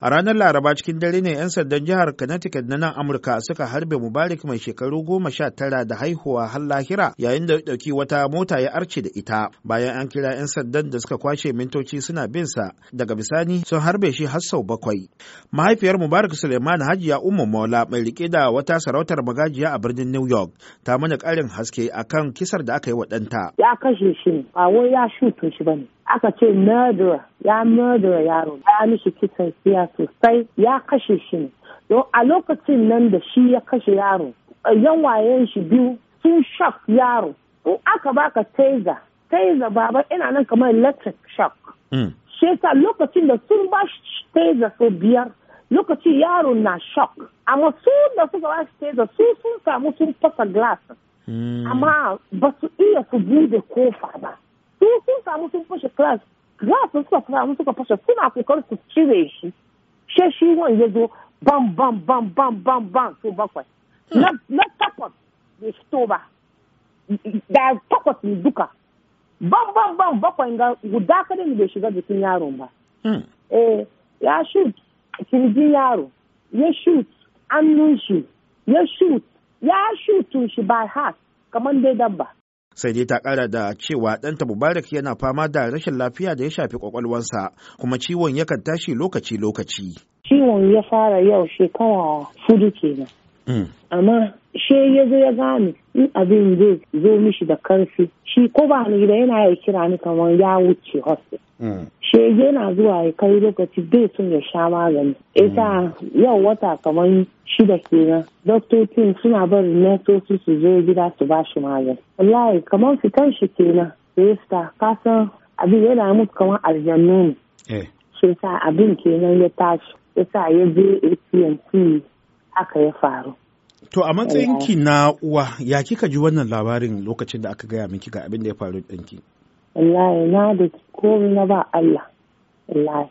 A ranar Laraba cikin dare ne 'yan sandan jihar Connecticut na nan Amurka suka harbe Mubarak mai shekaru goma sha tara da haihuwa har lahira yayin da dauki wata mota ya arce da ita. Bayan an kira 'yan sandan da suka kwashe mintoci suna bin sa daga bisani sun harbe shi har sau bakwai. Mahaifiyar Mubarak Suleiman Hajiya Ummu Maula mai rike da wata sarautar magajiya a birnin New York ta mana karin haske akan kisar da aka yi wa ɗanta. Ya kashe shi ba wai ya shuto shi bane. aka ce murderer ya murderer yaro ya mishi kisan siya sosai ya kashe shi ne don a lokacin nan da shi ya kashe yaro yan wayen shi biyu sun shock yaro in aka baka taiza taiza baba ina nan kamar electric shock hmm. shi yasa lokacin da sun ba shi taiza so biyar lokacin yaro na shock amma su da suka ba shi taiza su sun samu sun fasa glass hmm. amma ba su iya su bude kofa ba sun samu sun fashe class glass sun suka fara suka fashe suna kokarin su cire shi she shi wan ya zo bam bam bam bam bam bam so bakwai na takwas bai fito da takwas ne duka bam bam bam bakwai ga guda kada ne bai shiga jikin yaron ba eh ya shoot kirji yaro ya shoot hannun shi ya shoot ya shoot shi by heart kaman dai dabba sai dai ta kara da cewa ɗanta mubarak yana fama da rashin lafiya da ya shafi kwakwalwansa kuma ciwon yakan tashi lokaci-lokaci ciwon ya fara yau shekara fudu kenan hmm. amma she ya zo ya gani in abin zai zo mishi da karfi shi ko ba ni da yana ya kira ni kamar ya wuce hospital hmm. shege yana zuwa ya kai lokaci bai son ya sha magani Isa yau wata kamar shida kenan doktocin suna bari nesosu su zo gida su ba shi magani wallahi kamar fitan shi kenan Rista kasan abin yana mutu kamar aljannu ne eh. shi sa abin kenan ya tashi ya sa ya je atm haka ya faru To a matsayinki na uwa ya kika ji wannan labarin lokacin da aka gaya miki ga abin da ya faru ɗanki? wallahi na da komi na ba Allah wallahi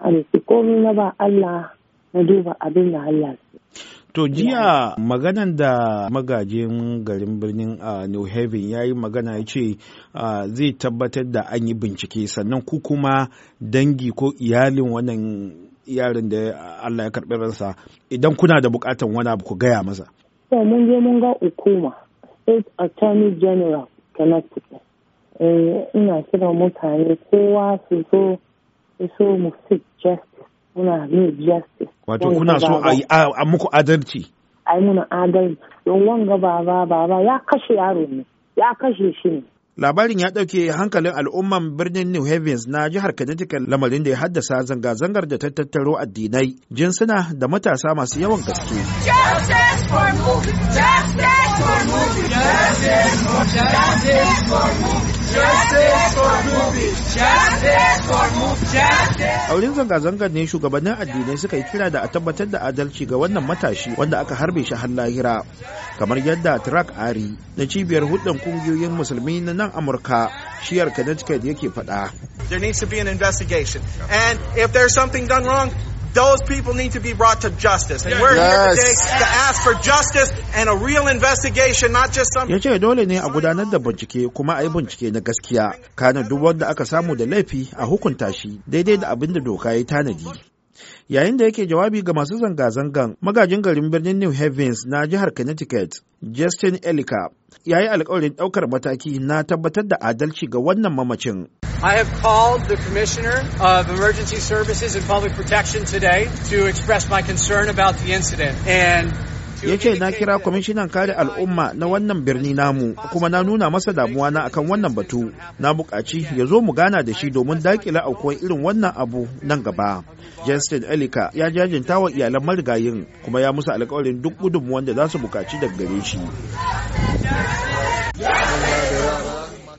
an da komi na ba Allah na duba abin da Allah To jiya maganan da magajin garin birnin a New Haven ya yi magana ya ce zai tabbatar da an yi bincike sannan ku kuma dangi ko iyalin wannan yarin da Allah ya karɓi ransa idan kuna da bukatan wani abu ku gaya masa. mun je mun ga hukuma State Attorney General Connecticut Eh, ina kiran mutane kowa su zo so mu seek justice muna need justice wato kuna so a muku adalci a yi muna adalci don wanga baba baba ya kashe yaro ne ya kashe shi ne labarin ya ɗauke hankalin al'umman birnin new havens na jihar connecticut lamarin da ya haddasa zanga-zangar da ta tattaro addinai jinsuna da matasa masu yawan gaske Justice A wurin zanga-zangar ne shugabannin addinai suka yi kira da a tabbatar da adalci ga wannan matashi wanda aka harbe shi har lahira. Kamar yadda turak Ari na cibiyar hudun kungiyoyin musulmi na nan Amurka shiyar Connecticut yake faɗa. There needs to be an investigation. And if there's something done wrong, Those people need to be brought to justice. And we're here today to ask for justice and a real investigation, not just some. Yace dole ne a gudanar da bincike kuma a yi bincike na gaskiya. Kana duk wanda aka samu da laifi a hukunta shi daidai da abin da doka ya tanadi. Yayin da yake jawabi ga masu zanga-zangan magajin garin birnin New Havens na jihar Connecticut, Justin Elika, ya yi alkawarin ɗaukar mataki na tabbatar da adalci ga wannan mamacin. I have called the Commissioner of Emergency Services and Public Protection today to express my concern about the incident and ya ce na kira kwamishinan kare al'umma na wannan birni namu kuma na nuna masa damuwa na akan wannan batu na bukaci ya zo mu gana da shi domin dakila aukuwar irin wannan abu nan gaba justin elika ya jajinta wa iyalan marigayin kuma ya musu alƙawarin duk gudunmuwan da za su bukaci daga gare shi